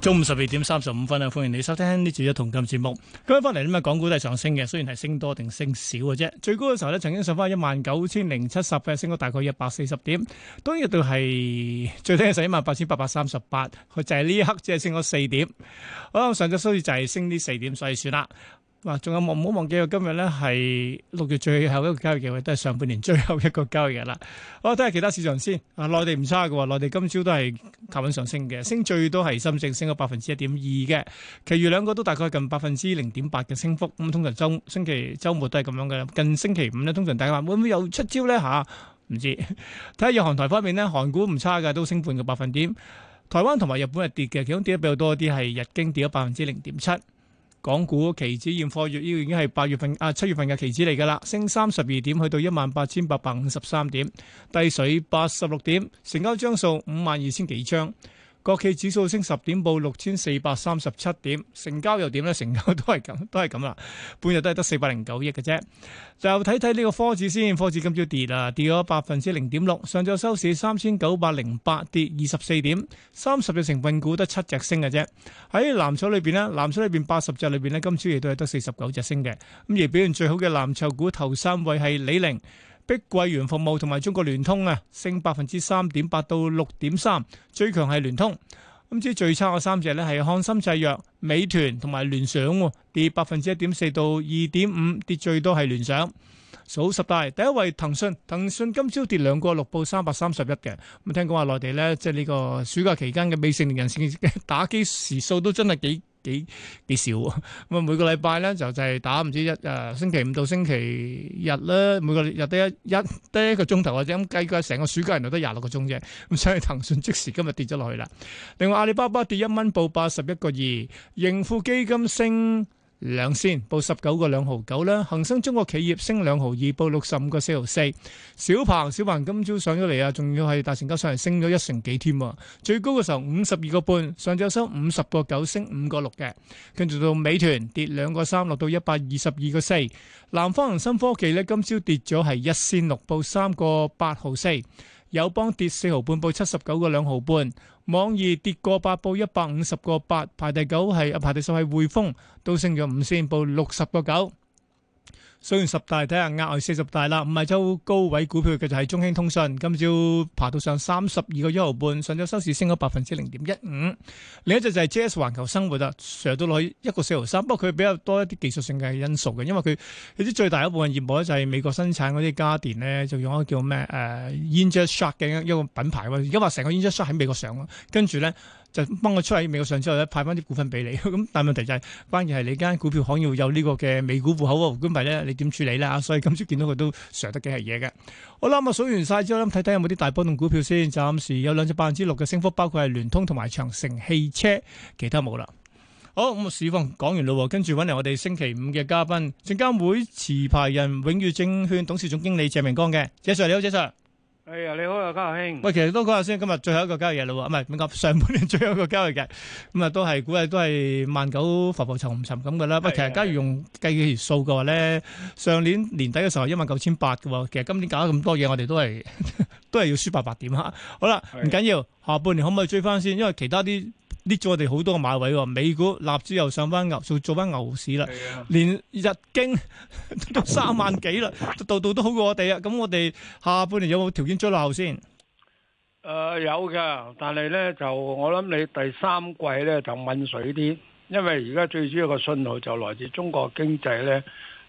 中午十二點三十五分啊，歡迎你收聽呢次嘅同金節目。今日翻嚟咁啊，港股都係上升嘅，雖然係升多定升少嘅啫。最高嘅時候咧，曾經上翻一萬九千零七十塊，升咗大概一百四十點。當日到係最低係一萬八千八百三十八，佢就係呢一刻只係升咗四點。好，我上個收市就係升呢四點，所以算啦。哇！仲有冇唔好忘記，今日咧係六月最後一個交易日，都係上半年最後一個交易日啦。好，睇下其他市場先。啊，內地唔差嘅喎，內地今朝都係靠穩上升嘅，升最多係深證升咗百分之一點二嘅，其餘兩個都大概近百分之零點八嘅升幅。咁通常週星期週末都係咁樣嘅。近星期五咧，通常大家話會唔會有出招咧？嚇，唔知睇下日韓台方面咧，韓股唔差嘅，都升半個百分點。台灣同埋日本係跌嘅，其中跌得比較多一啲係日經跌咗百分之零點七。港股期指現貨月呢、這個已經係八月份啊七月份嘅期指嚟㗎喇，升三十二點，去到一萬八千八百五十三點，低水八十六點，成交張數五萬二千幾張。國企指數升十點報六千四百三十七點，成交又點呢？成交都係咁，都係咁啦，半日都係得四百零九億嘅啫。就睇睇呢個科指先，科指今朝跌啦，跌咗百分之零點六，上晝收市三千九百零八跌二十四點，三十隻成分股得七隻升嘅啫。喺藍籌裏邊呢，藍籌裏邊八十隻裏邊呢，今朝亦都係得四十九隻升嘅，咁而表現最好嘅藍籌股頭三位係李寧。碧桂園服務同埋中國聯通啊，升百分之三點八到六點三，最強係聯通。今朝最差嘅三隻咧係漢森製藥、美團同埋聯想，跌百分之一點四到二點五，跌最多係聯想。數十大第一位騰訊，騰訊今朝跌兩個六，報三百三十一嘅。咁聽講話內地咧，即係呢個暑假期間嘅未成年人士打機時數都真係幾。幾幾少咁 啊，每個禮拜咧就就係打唔知一誒星期五到星期日咧，每個禮日得一一得一個鐘頭或者咁計嘅，成個暑假就得廿六個鐘啫。咁所以騰訊即時今日跌咗落去啦。另外阿里巴巴跌一蚊，報八十一個二，盈富基金升，兩仙報十九個兩毫九啦，恒生中國企業升兩毫二，報六十五個四毫四。小鵬、小鵬今朝上咗嚟啊，仲要係大成交上嚟，升咗一成幾添啊！最高嘅時候五十二個半，上晝收五十個九，升五個六嘅。跟住到美團跌兩個三，落到一百二十二個四。南方恒生科技呢，今朝跌咗係一仙六，報三個八毫四。友邦跌四毫半，半，報七十九個兩毫半。網易跌過八，報一百五十個八。排第九係啊，排第十係匯豐，都升咗五線，報六十個九。數完十大睇下額外四十大啦。五日周高位股票嘅就係中興通訊，今朝爬到上三十二個一毫半，上咗收市升咗百分之零點一五。另一隻就係 J S 環球生活啦，成日都攞一個四毫三。不過佢比較多一啲技術性嘅因素嘅，因為佢有啲最大一部分業務咧就係美國生產嗰啲家電咧，就用一個叫咩誒、呃、i n g e r s h a r k 嘅一個品牌。而家話成個 i n g e r s h a r k 喺美國上咯，跟住咧。就幫我出喺美國上市之後或者派翻啲股份俾你。咁 但係問題就係、是，關鍵係你間股票行要有呢個嘅美股戶口喎，換官幣咧，你點處理咧？啊，所以今次見到佢都上得幾係嘢嘅。好啦，咁我數完晒之後，諗睇睇有冇啲大波動股票先。暫時有兩隻百分之六嘅升幅，包括係聯通同埋長城汽車，其他冇啦。好，咁、嗯、啊，市況講完啦，跟住揾嚟我哋星期五嘅嘉賓，證監會持牌人永裕證券董事總經理謝明光嘅。謝 Sir，你好，謝 Sir。係啊，你好啊，嘉慶。喂，其實都講下先，今日最後一個交易日啦，唔係，上半年最後一個交易日，咁啊，估計都係估計都係萬九浮浮沉沉咁噶啦。不過其實假如用計數嘅話咧，上年年底嘅時候一萬九千八嘅，其實今年搞咗咁多嘢，我哋都係 都係要輸八百點吓。好啦，唔緊要，下半年可唔可以追翻先？因為其他啲。lift 咗我哋好多個馬位喎，美股、納指又上翻牛，做做翻牛市啦。的連日經都三萬幾啦， 度度都好過我哋啊！咁我哋下半年有冇條件追落後先？誒、呃、有嘅，但係咧就我諗你第三季咧就滲水啲，因為而家最主要個信號就來自中國經濟咧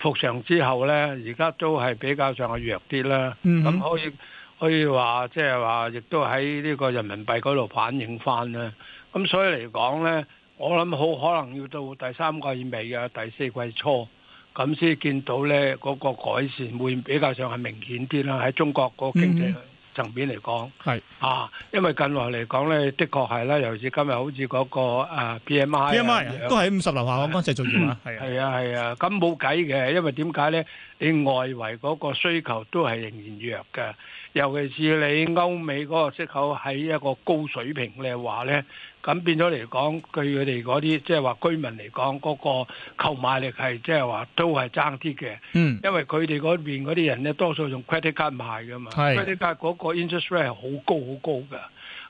復常之後咧，而家都係比較上係弱啲啦。咁、嗯、哼可以可以話即係話，亦、就是、都喺呢個人民幣嗰度反映翻啦。咁、嗯、所以嚟講咧，我諗好可能要到第三季尾啊，第四季初咁先見到咧嗰個改善會比較上係明顯啲啦。喺中國個經濟層面嚟講，係、嗯、啊，因為近來嚟講咧，的確係啦，尤其今、那個、是今日好似嗰個 P M I，P M I 都喺五十樓下，剛剛製造業啦，係啊，係啊，咁冇計嘅，因為點解咧？你外圍嗰個需求都係仍然弱嘅，尤其是你歐美嗰個息口喺一個高水平嘅話咧。咁變咗嚟、就是、講，據佢哋嗰啲即係話居民嚟講，嗰個購買力係即係話都係爭啲嘅。嗯，因為佢哋嗰邊嗰啲人咧，多數用 credit card 買㗎嘛。係 credit card 嗰個 interest rate 係好高好高嘅。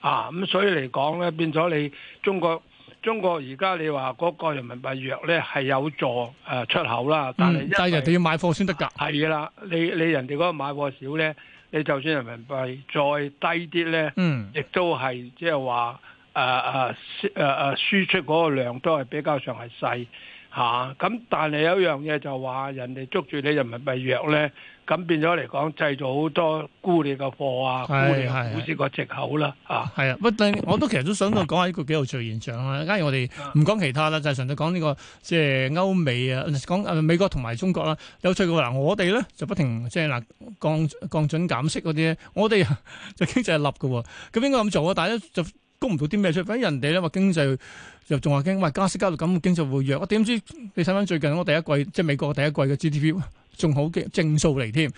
啊，咁所以嚟講咧，變咗你中國中國而家你話嗰個人民幣弱咧，係有助誒出口啦。但係、嗯、人哋要買貨先得㗎。係啦，你你人哋嗰個買貨少咧，你就算人民幣再低啲咧，嗯，亦都係即係話。誒誒誒誒輸出嗰個量都係比較上係細嚇，咁、啊、但係有一樣嘢就話人哋捉住你，人民幣弱咧，咁變咗嚟講製造好多沽你嘅貨啊，沽你股市個藉口啦，啊，係啊，不，但我都其實都想講下呢個幾有趣現象啦。假、啊、如我哋唔講其他啦，就係、純粹講呢、呢個即係歐美啊，講美國同埋中國啦，有趣嘅話嗱，我哋咧就不停即係嗱降降準減息嗰啲咧，我哋就經濟立嘅喎，咁應該咁做啊？大家。就。供唔到啲咩出？反正人哋咧話經濟又仲話驚，話、哎、加息加到咁，經濟會弱。我點知？你睇翻最近我第一季，即係美國第一季嘅 GDP 仲好正數嚟添。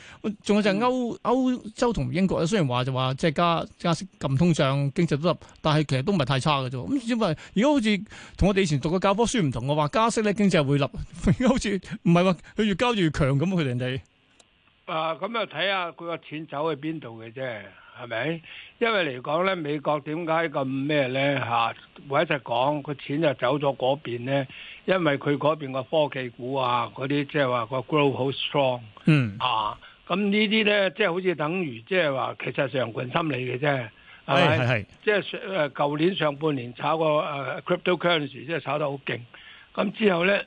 仲有就係歐歐洲同英國咧，雖然話就話即係加加息咁通脹，經濟都立，但係其實都唔係太差嘅啫。咁因為如果好似同我哋以前讀嘅教科書唔同，我話加息咧經濟會立，而家好似唔係話佢越加越強咁，佢哋人哋啊咁又睇下佢個錢走去邊度嘅啫。係咪？因為嚟講咧，美國點解咁咩咧？吓，我一直講個錢就走咗嗰邊咧，因為佢嗰邊個科技股啊，嗰啲即係話個 growth 好 strong，嗯啊，咁呢啲咧，即係好似等於即係話，其實羊群心理嘅啫，係係即係誒，舊年上半年炒個誒 crypto currency，即係炒得好勁，咁之後咧，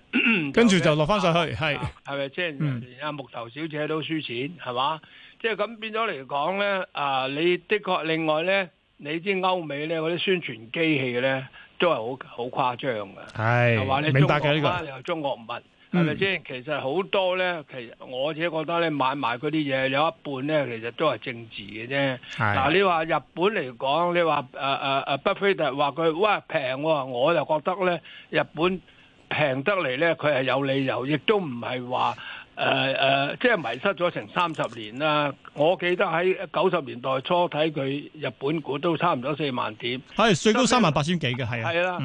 跟住就落翻上去，係係咪？即係阿木頭小姐都輸錢，係嘛？即係咁變咗嚟講咧，啊，你的確另外咧，你知歐美咧嗰啲宣傳機器咧，都係好好誇張噶。係，是你中國明白嘅呢、這個。你話中國物，係咪先？嗯、其實好多咧，其實我自己覺得咧，買埋嗰啲嘢有一半咧，其實都係政治嘅啫。嗱是、啊，你話日本嚟講，你話誒誒誒，巴、啊、菲、啊、特話佢哇平、哦，我又覺得咧，日本平得嚟咧，佢係有理由，亦都唔係話。誒誒、呃，即係迷失咗成三十年啦！我記得喺九十年代初睇佢日本股都差唔多四萬點，係最高三萬八千幾嘅，係啊，係啦，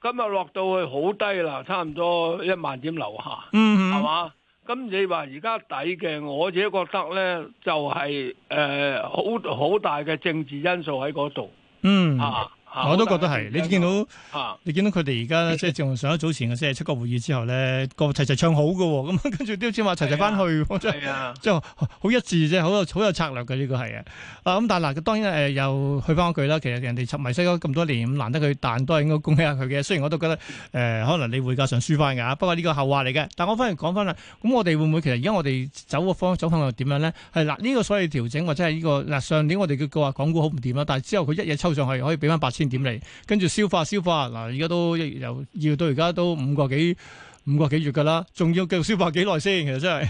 今日的、嗯、落到去好低啦，差唔多一萬點樓下，嗯嗯哼，係嘛？咁你話而家底嘅，我自己覺得咧，就係誒好好大嘅政治因素喺嗰度，嗯啊。啊、我都覺得係，你見到、啊、你見到佢哋而家即係正上一早前嘅即係七個會議之後咧，個齊齊唱好嘅喎、啊，咁跟住都先話齊齊翻去，即係好一致啫，好有好有策略嘅呢個係啊！啊咁，但嗱，當然誒、呃、又去翻嗰句啦，其實人哋沉迷西歐咁多年，難得佢但都係應該恭喜下佢嘅。雖然我都覺得誒、呃，可能你匯價上輸翻㗎，不過呢個後話嚟嘅。但我反而講翻啦，咁我哋會唔會其實而家我哋走個方走方向又點樣咧？係嗱，呢、這個所謂調整或者係、這、呢個嗱上年我哋叫佢話港股好唔掂啦，但係之後佢一夜抽上去可以俾翻八。先點嚟，跟住消化消化嗱，而家都有要到而家都五個幾五個幾月噶啦，仲要繼續消化幾耐先，其實真係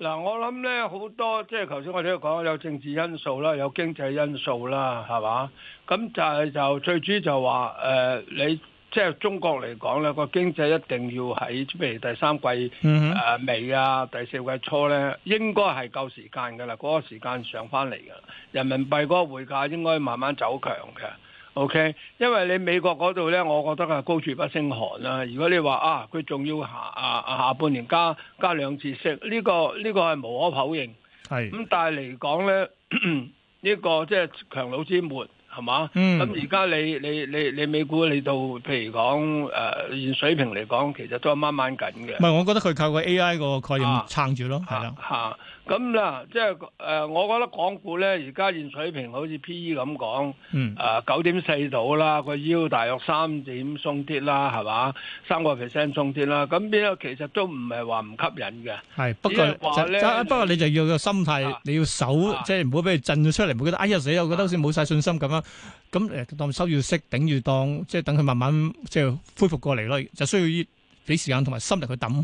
嗱，我諗咧好多即係頭先我哋都講有政治因素啦，有經濟因素啦，係嘛？咁就係就最主要就話誒，你即係中國嚟講咧個經濟一定要喺譬如第三季誒尾啊，第四季初咧應該係夠時間噶啦，嗰個時間上翻嚟噶，人民幣嗰個匯價應該慢慢走強嘅。O.K.，因為你美國嗰度咧，我覺得係高處不勝寒啦，啊。如果你話啊，佢仲要下啊啊下半年加加兩次息，呢，這個呢，這個係無可否認。係咁是，但係嚟講咧，呢，這個即係強弩之末，係嘛？咁而家你你你你美股你，你，你，你到，譬如講誒，呃，現水平嚟講，其實都係慢慢緊嘅。唔係，我覺得佢靠個 A.I. 個概念撐住咯，係啦，啊。嚇，啊！啊咁啦，即係誒，我覺得港股咧而家現水平好似 P E 咁講，誒九點四度啦，個 yield 大約三點鬆啲啦，係嘛，三個 percent 鬆啲啦。咁呢個其實都唔係話唔吸引嘅。係不過，不過你就要個心態，你要守，即係唔好俾佢震咗出嚟，唔會覺得哎呀死啊！我覺得好似冇曬信心咁樣，咁當收住息，頂住當，即係等佢慢慢即係恢復過嚟咯，就需要啲俾時間同埋心力去揼。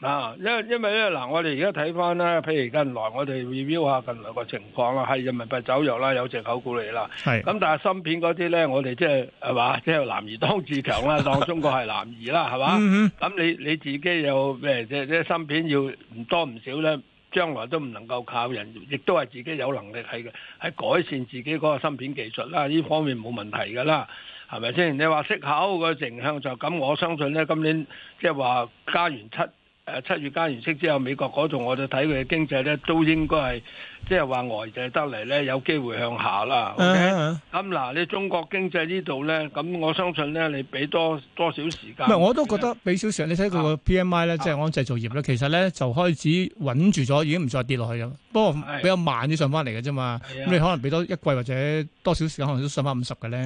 啊，因因為咧嗱、啊，我哋而家睇翻咧，譬如近來我哋 review 下近來個情況啦，係人民幣走弱啦，有藉口沽嚟啦。係咁是，但係芯片嗰啲咧，我哋即係係嘛，即係、就是、男兒當自強啦，當中國係男兒啦，係嘛。咁 你你自己有咩即即係芯片要唔多唔少咧，將來都唔能夠靠人，亦都係自己有能力嘅。喺改善自己嗰個芯片技術啦。呢方面冇問題㗎啦，係咪先？你話息口個正向就咁，我相信咧，今年即係話加完七。誒七月加完息之後，美國嗰度我哋睇佢嘅經濟咧，都應該係即係話外債得嚟咧，有機會向下啦。咁、okay? 嗱、啊嗯，你中國經濟呢度咧，咁我相信咧，你俾多多少時間？唔係，我都覺得俾少少。你睇佢個 P M I 咧、啊，即係按製造業咧，啊、其實咧就開始穩住咗，已經唔再跌落去㗎喇。不過比較慢啲上翻嚟嘅啫嘛。咁、啊、你可能俾多一季或者多少時間，可能都上翻五十嘅咧。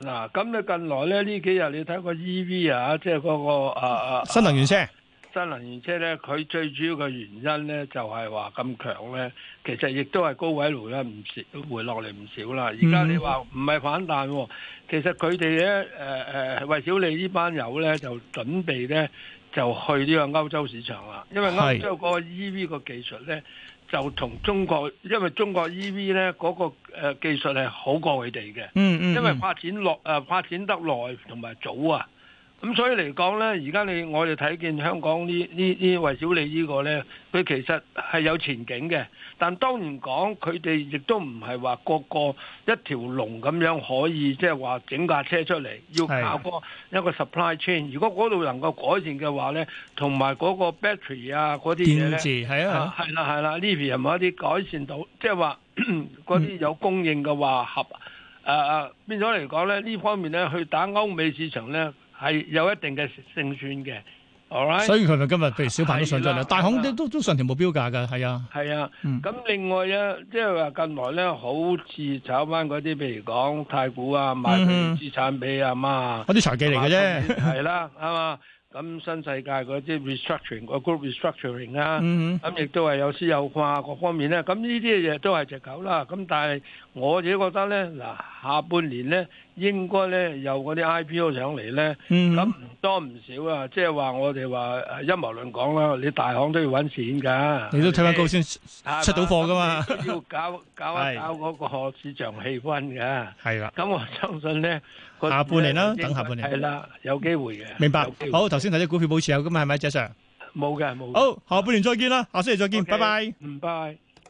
嗱、啊，咁你近來咧呢幾日，你睇個 E V 啊，即係嗰個啊啊新能源車。啊啊啊新能源車咧，佢最主要嘅原因咧，就係話咁強咧，其實亦都係高位回落唔少，回落嚟唔少啦。而家你話唔係反彈，其實佢哋咧，誒誒，為小利呢班友咧，就準備咧，就去呢個歐洲市場啦。因為歐洲嗰個 EV 個技術咧，就同中國，因為中國 EV 咧嗰個誒技術係好過佢哋嘅。嗯嗯。因為發展落誒發展得耐同埋早啊。咁、嗯、所以嚟講咧，而家你我哋睇見香港呢呢呢維小李呢個咧，佢其實係有前景嘅。但當然講，佢哋亦都唔係話個個一條龍咁樣可以即係話整架車出嚟，要搞個一個 supply chain。如果嗰度能夠改善嘅話咧，同埋嗰個 battery 啊嗰啲嘢咧，電池，係啊，係啦係啦，呢邊有冇一啲改善到？即係話嗰啲有供應嘅話合啊啊，變咗嚟講咧，呢方面咧去打歐美市場咧。係有一定嘅勝算嘅，All right，所以佢咪今日譬如小鵬都上咗啦，大行都都上調目標價嘅，係啊，係啊，咁另外啊，即係話近來咧，好似炒翻嗰啲譬如講太古啊，賣啲資產俾阿媽，嗰啲財技嚟嘅啫，係啦，係嘛，咁新世界嗰啲 restructuring 個 group restructuring 啊，咁亦都係有私有化各方面咧，咁呢啲嘢都係隻狗啦，咁但係。我自己覺得咧，嗱，下半年咧應該咧有嗰啲 IPO 上嚟咧，咁唔多唔少啊，即係話我哋話陰謀論講啦，你大行都要搵錢噶，你都睇翻高先出到貨噶嘛，要搞搞一搞嗰個市場氣氛嘅，係啦。咁我相信咧，下半年啦，等下半年係啦，有機會嘅。明白，好，頭先睇啲股票保持有噶嘛，係咪，謝 Sir？冇嘅，冇。好，下半年再見啦，下星期再見，拜拜。唔拜。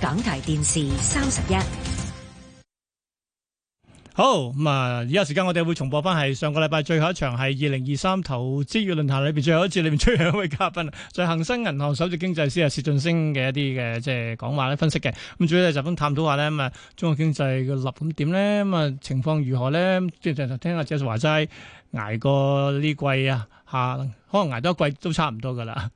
港台電視三十一。好咁啊，而家時間我哋會重播翻係上個禮拜最後一場係二零二三投資月論壇裏邊最後一次裏邊出現一位嘉賓啊，在恒生銀行首席經濟師啊薛俊昇嘅一啲嘅即係講話咧分析嘅，咁主要就咁探討下呢咁啊中國經濟嘅立咁點咧咁啊情況如何咧？即係聽阿姐話齋挨過呢季啊，吓可能挨多一季都差唔多噶啦。